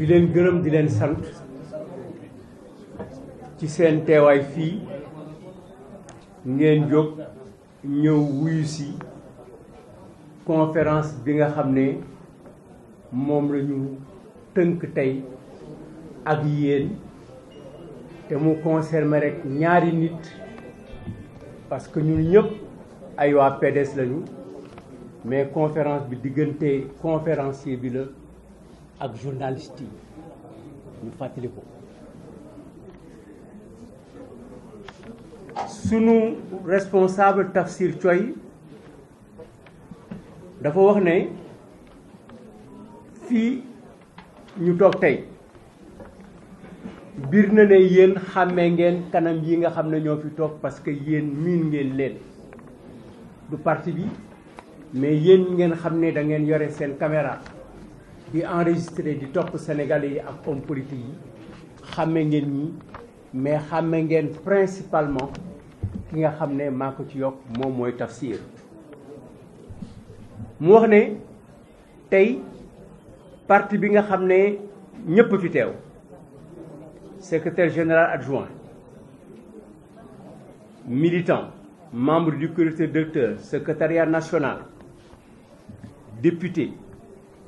di leen gërëm di leen sant ci seen teewaay fii ngeen jóg ñëw wuyu si conférence bi nga xam ne moom la ñu tënk tey ak yéen te mu concerne rek ñaari nit parce que ñun ñëpp ay waa PDS lañu mais conférence bi diggante conférencier bi la. ak journaliste yi ñu fàttali ko sunu responsable Tafsir Coy dafa wax ne fii ñu toog tey biir na ne yéen xàmmee ngeen kanam yi nga xam ne ñoo fi toog parce que yéen miin ngeen leen du parti bi mais yéen ngeen xam ne da ngeen yore seen caméra di enregistré di top Sénégalais en ak homme politique yi xàmme ngeen mais xamé ngeen principalement ki nga xamné mako ci yok mom moy Tafsir mu wax parti bi nga xamné ñepp fi secrétaire général adjoint militant membre du comité directeur secrétariat national député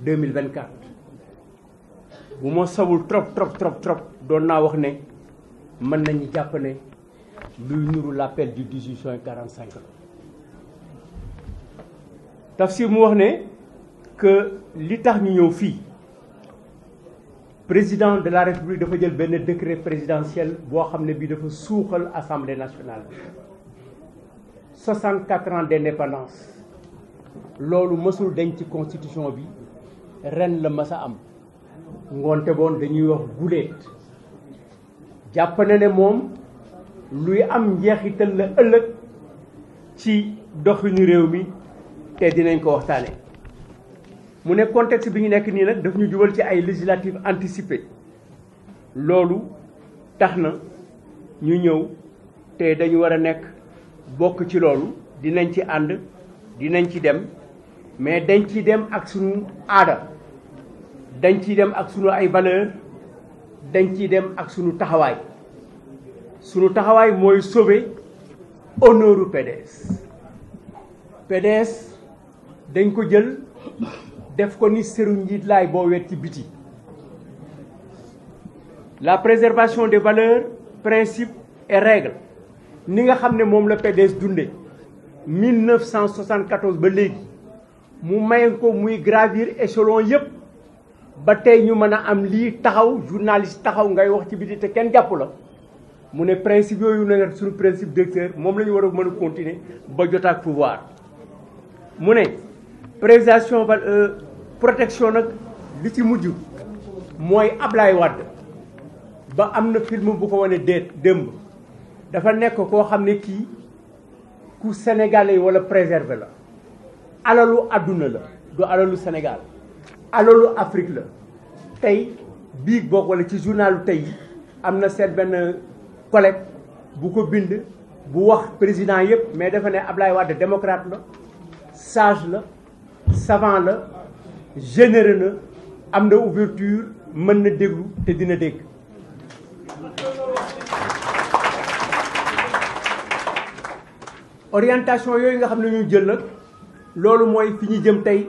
2024 bu ma trop trop trop trop doon wax ne l'appel du 18 juin 45 la que l'État, tax président de la république de jël un décret présidentiel ...qui xam ne de nationale 64 ans d'indépendance loolu mësul ...dans ci constitution ren la masa am ngoonte boon dañuy wax guléet jàpp na ne moom luy am njeexital la ëllëg ci doxinu réew mi te dinañ ko waxtaane mu ne contexte bi ñu nekk nii nag daf ñu jubal ci ay législatives anticipées loolu tax na ñu ñëw te dañu war a nekk bokk ci loolu dinañ ci ànd dinañ ci dem mais dañ ci dem ak sunu aada dañ dem ak sunu ay valeur dañ dem ak sunu taxaway sunu taxaway moy sauver honneuru PDS PDS dañ ko jël def ko ni seru lay bo wet biti la préservation des valeurs principes et règles ni nga xam mom la PDS dundé 1974 ba légui mu may ko muy gravir échelon yépp ba tey ñu mën a am lii taxaw journaliste taxaw ngay wax ci biti te kenn jàpp la mu ne principe yooyu na suñu principe directeur moom la ñu war a mën a continuer ba jotaak pouvoir mu ne préservation ba euh, protection nag li ci mujj mooy Ablaye Wade ba am na film bu ko wane déet démb dafa nekk koo xam ne kii ku yi wala préservé la alalu àdduna la du alalu Sénégal alalu Afrique le tay big bok wala ci journalu tay amna na ben collègue bu ko bind bu wax président yëpp mais dafa ne Ablaye Wade démocrate la sage la savant la généreux na am ouverture mën na déglu té dina dégg orientation yooyu nga xamné ñu jël nak lolu moy fiñu jëm tay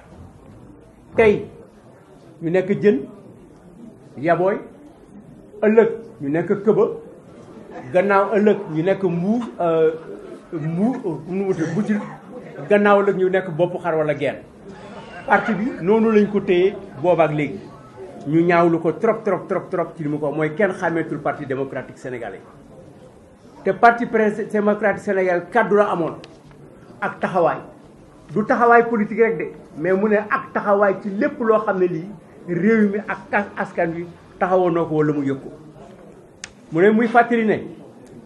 tey ñu nekk jën yabooy ëllëg ñu nekk këba gannaaw ëllëg ñu nekk mbuur euh, mbuur euh, nu wuti butil gannaaw ëllëg ñu nekk boppu xar wala geen parti bi noonu lañ ko téye boobaak léegi ñu ñaawlu ko trop trop trop trop ci mu ko mooy kenn xàmmeetul parti démocratique sénégalais te parti démocratique sénégal kàddu la amoon ak taxawaay du taxaway politique rek de mais mu ne ak taxaway ci lepp lo xamné li lii réew mi ak askan wi taxawonoko wala mu yëg mu ne muy fàttali ne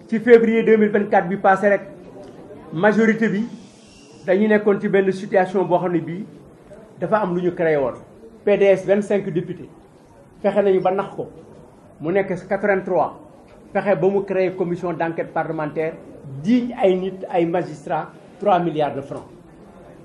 ci février 2024 bi passé rek majorité bi dañu est ci benn situation de xamné bi dafa am luñu créé PDS 25 députés fexé nañu ba nax ko mu nekk 83 fexé ba mu créé commission d'enquête parlementaire digne ay nit ay magistrats 3 milliards de francs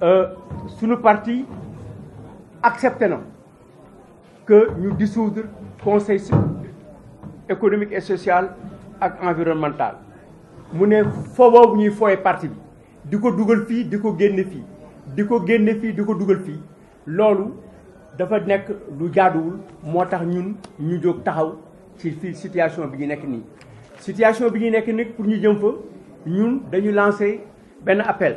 Euh, Sous le parti acceptons que nous dissoudre conseil économique et social et environnemental Nous ne fo nous ñuy devons parti bi Nous Fi, dugal fii Nous devons génne fii Nous devons génne dafa nekk lu nous ñun ñu situation bi situation bi pour nous jëm nous ñun lancer appel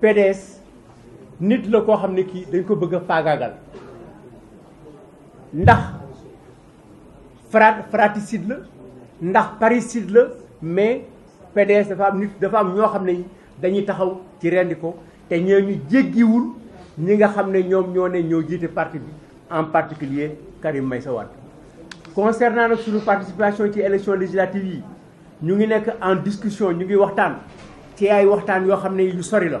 PDS nit la koo xam ne kii dañ ko bëgg a faagaagal ndax frat fratricide la ndax parricide la mais PDS dafa am nit dafa am ñoo xam ne dañuy taxaw ci rendi ko te ñoo ñu jéggiwul ñi nga xam ne ñoom ñoo ne ñoo jiite parti bi en particulier Karim Meïssa Wade concernant nag suñu participation ci élection législative yi ñu ngi nekk en discussion ñu ngi waxtaan ci ay waxtaan yoo xam ne yu sori la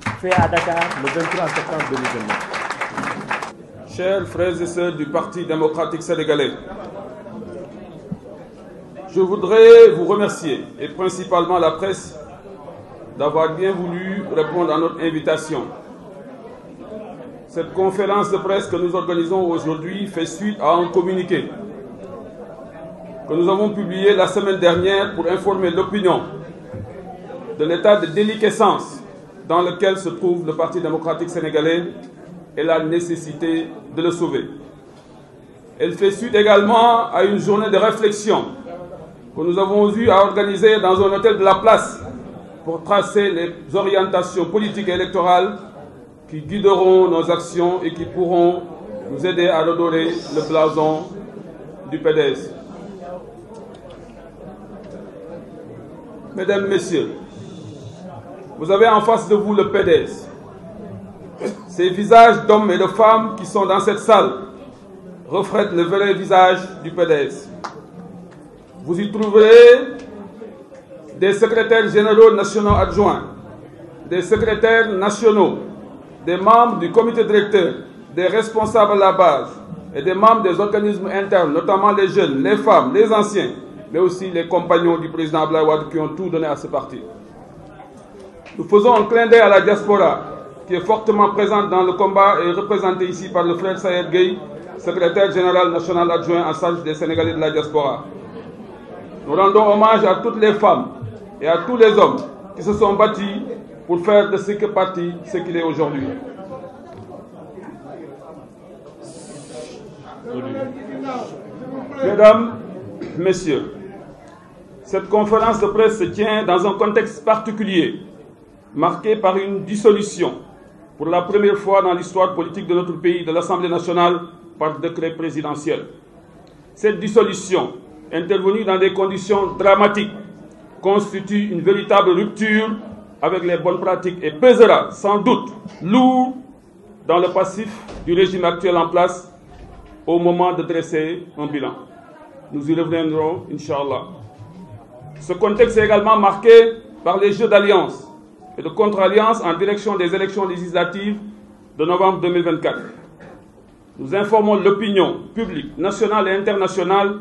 fait à Dakar le 23 septembre 2020. Chers frères et sœurs du Parti démocratique sénégalais, je voudrais vous remercier, et principalement la presse, d'avoir bien voulu répondre à notre invitation. Cette conférence de presse que nous organisons aujourd'hui fait suite à un communiqué que nous avons publié la semaine dernière pour informer l'opinion de l'état de déliquescence dans lequel se trouve le Parti démocratique sénégalais et la nécessité de le sauver. Elle fait suite également à une journée de réflexion que nous avons eu à organiser dans un hôtel de la place pour tracer les orientations politiques et électorales qui guideront nos actions et qui pourront nous aider à redorer le blason du PDS. Mesdames, Messieurs, vous avez en face de vous le PDS. Ces visages d'hommes et de femmes qui sont dans cette salle reflètent le vrai visage du PDS. Vous y trouverez des secrétaires généraux nationaux adjoints, des secrétaires nationaux, des membres du comité directeur, des responsables à la base et des membres des organismes internes, notamment les jeunes, les femmes, les anciens, mais aussi les compagnons du président Ablaouad qui ont tout donné à ce parti. Nous faisons un clin d'œil à la diaspora, qui est fortement présente dans le combat et représentée ici par le frère Sayed Gueye, secrétaire général national adjoint en charge des Sénégalais de la diaspora. Nous rendons hommage à toutes les femmes et à tous les hommes qui se sont battus pour faire de ce que parti ce qu'il est aujourd'hui. Mesdames, Messieurs, cette conférence de presse se tient dans un contexte particulier Marqué par une dissolution, pour la première fois dans l'histoire politique de notre pays, de l'Assemblée nationale par décret présidentiel. Cette dissolution, intervenue dans des conditions dramatiques, constitue une véritable rupture avec les bonnes pratiques et pesera sans doute lourd dans le passif du régime actuel en place au moment de dresser un bilan. Nous y reviendrons, Inch'Allah. Ce contexte est également marqué par les jeux d'alliance et de contre-alliance en direction des élections législatives de novembre 2024. Nous informons l'opinion publique nationale et internationale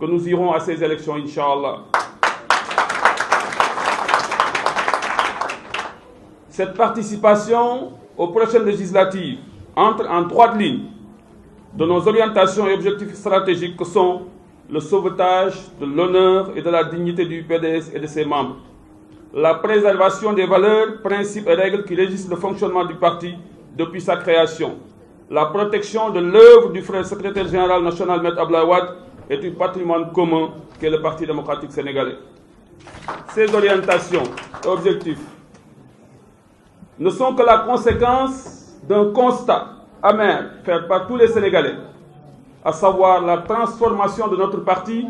que nous irons à ces élections, Inch'Allah. Cette participation aux prochaines législatives entre en droite ligne de nos orientations et objectifs stratégiques que sont le sauvetage de l'honneur et de la dignité du PDS et de ses membres, la préservation des valeurs, principes et règles qui régissent le fonctionnement du parti depuis sa création. La protection de l'œuvre du frère secrétaire général national Maître Ablawad est un patrimoine commun qu'est le Parti démocratique sénégalais. Ces orientations et objectifs ne sont que la conséquence d'un constat amer fait par tous les Sénégalais, à savoir la transformation de notre parti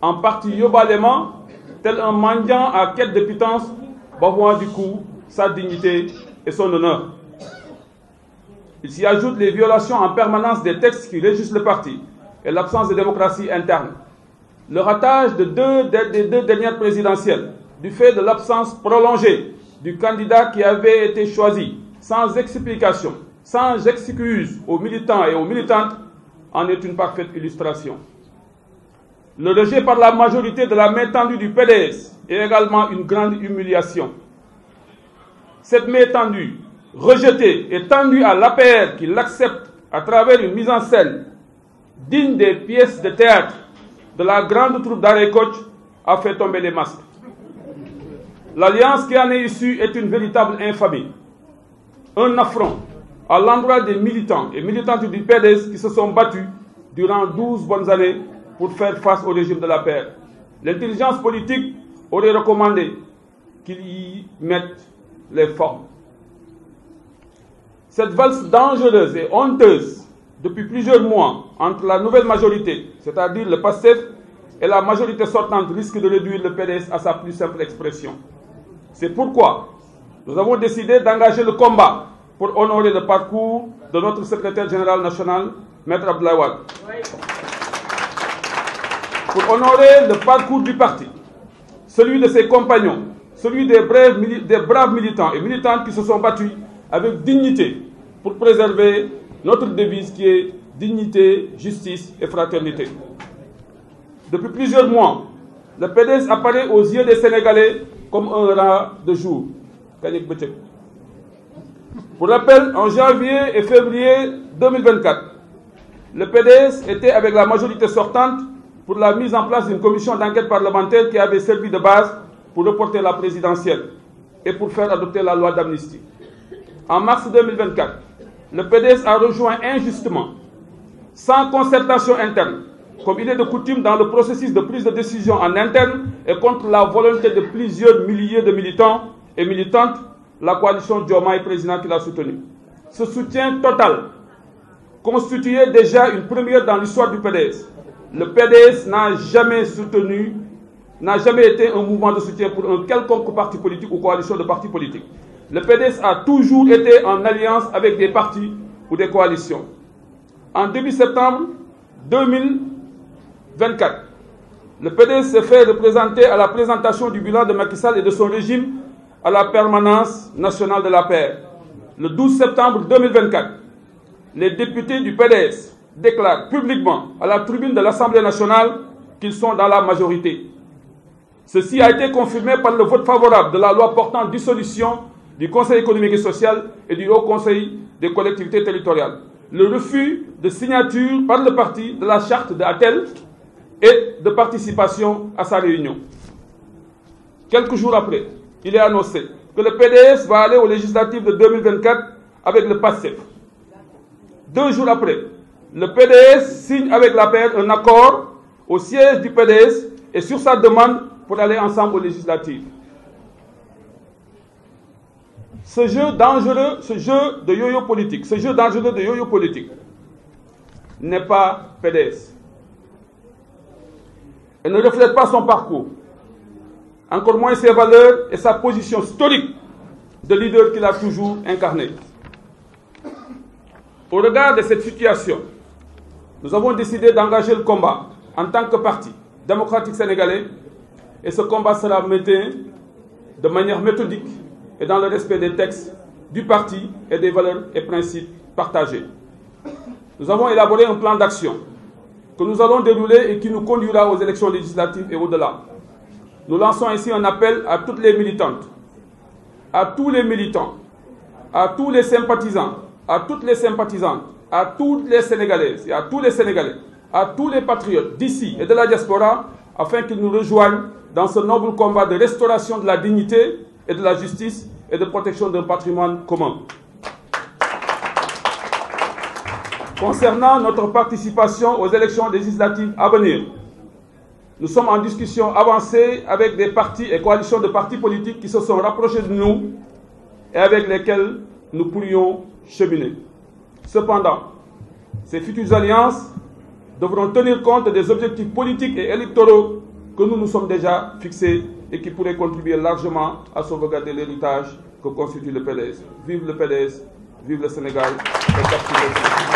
en parti yobalément tel un mendiant à quête de va bavouant du coup sa dignité et son honneur. Il s'y ajoute les violations en permanence des textes qui régissent le parti et l'absence de démocratie interne. Le ratage de des deux dernières présidentielles, du fait de l'absence prolongée du candidat qui avait été choisi, sans explication, sans excuse aux militants et aux militantes, en est une parfaite illustration. Le rejet par la majorité de la main tendue du PDS est également une grande humiliation. Cette main tendue, rejetée et tendue à l'APR qui l'accepte à travers une mise en scène digne des pièces de théâtre de la grande troupe d'Arrêt a fait tomber les masques. L'alliance qui en est issue est une véritable infamie, un affront à l'endroit des militants et militantes du PDS qui se sont battus durant 12 bonnes années pour faire face au régime de la paix. L'intelligence politique aurait recommandé qu'il y mette les formes. Cette valse dangereuse et honteuse depuis plusieurs mois entre la nouvelle majorité, c'est-à-dire le passé, et la majorité sortante risque de réduire le PDS à sa plus simple expression. C'est pourquoi nous avons décidé d'engager le combat pour honorer le parcours de notre secrétaire général national, Maître Abdoulaye pour honorer le parcours du parti, celui de ses compagnons, celui des braves, militants et militantes qui se sont battus avec dignité pour préserver notre devise qui est dignité, justice et fraternité. Depuis plusieurs mois, le PDS apparaît aux yeux des Sénégalais comme un rat de jour. Pour rappel, en janvier et février 2024, le PDS était avec la majorité sortante pour la mise en place d'une commission d'enquête parlementaire qui avait servi de base pour reporter la présidentielle et pour faire adopter la loi d'amnistie. En mars 2024, le PDS a rejoint injustement, sans concertation interne, comme il est de coutume dans le processus de prise de décision en interne et contre la volonté de plusieurs milliers de militants et militantes, la coalition Dioma et président qui l'a soutenu. Ce soutien total constituait déjà une première dans l'histoire du PDS le PDS n'a jamais soutenu, n'a jamais été un mouvement de soutien pour un quelconque parti politique ou coalition de partis politiques. Le PDS a toujours été en alliance avec des partis ou des coalitions. En début septembre 2024, le PDS s'est fait représenter à la présentation du bilan de Macky Sall et de son régime à la permanence nationale de la paix. Le 12 septembre 2024, les députés du PDS déclarent publiquement à la tribune de l'Assemblée nationale qu'ils sont dans la majorité. Ceci a été confirmé par le vote favorable de la loi portant dissolution du Conseil économique et social et du Haut Conseil des collectivités territoriales. Le refus de signature par le parti de la charte de et de participation à sa réunion. Quelques jours après, il est annoncé que le PDS va aller aux législatives de 2024 avec le PASSEF. Deux jours après, le PDS signe avec la paix un accord au siège du PDS et sur sa demande pour aller ensemble aux législatives. Ce jeu dangereux, ce jeu de yoyo politique, ce jeu dangereux de yo politique n'est pas PDS. Elle ne reflète pas son parcours, encore moins ses valeurs et sa position historique de leader qu'il a toujours incarné. Au regard de cette situation, nous avons décidé d'engager le combat en tant que parti démocratique sénégalais et ce combat sera mené de manière méthodique et dans le respect des textes du parti et des valeurs et principes partagés. Nous avons élaboré un plan d'action que nous allons dérouler et qui nous conduira aux élections législatives et au-delà. Nous lançons ainsi un appel à toutes les militantes, à tous les militants, à tous les sympathisants, à toutes les sympathisantes à toutes les Sénégalaises et à tous les Sénégalais, à tous les patriotes d'ici et de la diaspora, afin qu'ils nous rejoignent dans ce noble combat de restauration de la dignité et de la justice et de protection d'un patrimoine commun. Concernant notre participation aux élections législatives à venir, nous sommes en discussion avancée avec des partis et coalitions de partis politiques qui se sont rapprochés de nous et avec lesquels nous pourrions cheminer. Cependant, ces futures alliances devront tenir compte des objectifs politiques et électoraux que nous nous sommes déjà fixés et qui pourraient contribuer largement à sauvegarder l'héritage que constitue le PDS. Vive le PDS, vive le Sénégal. Et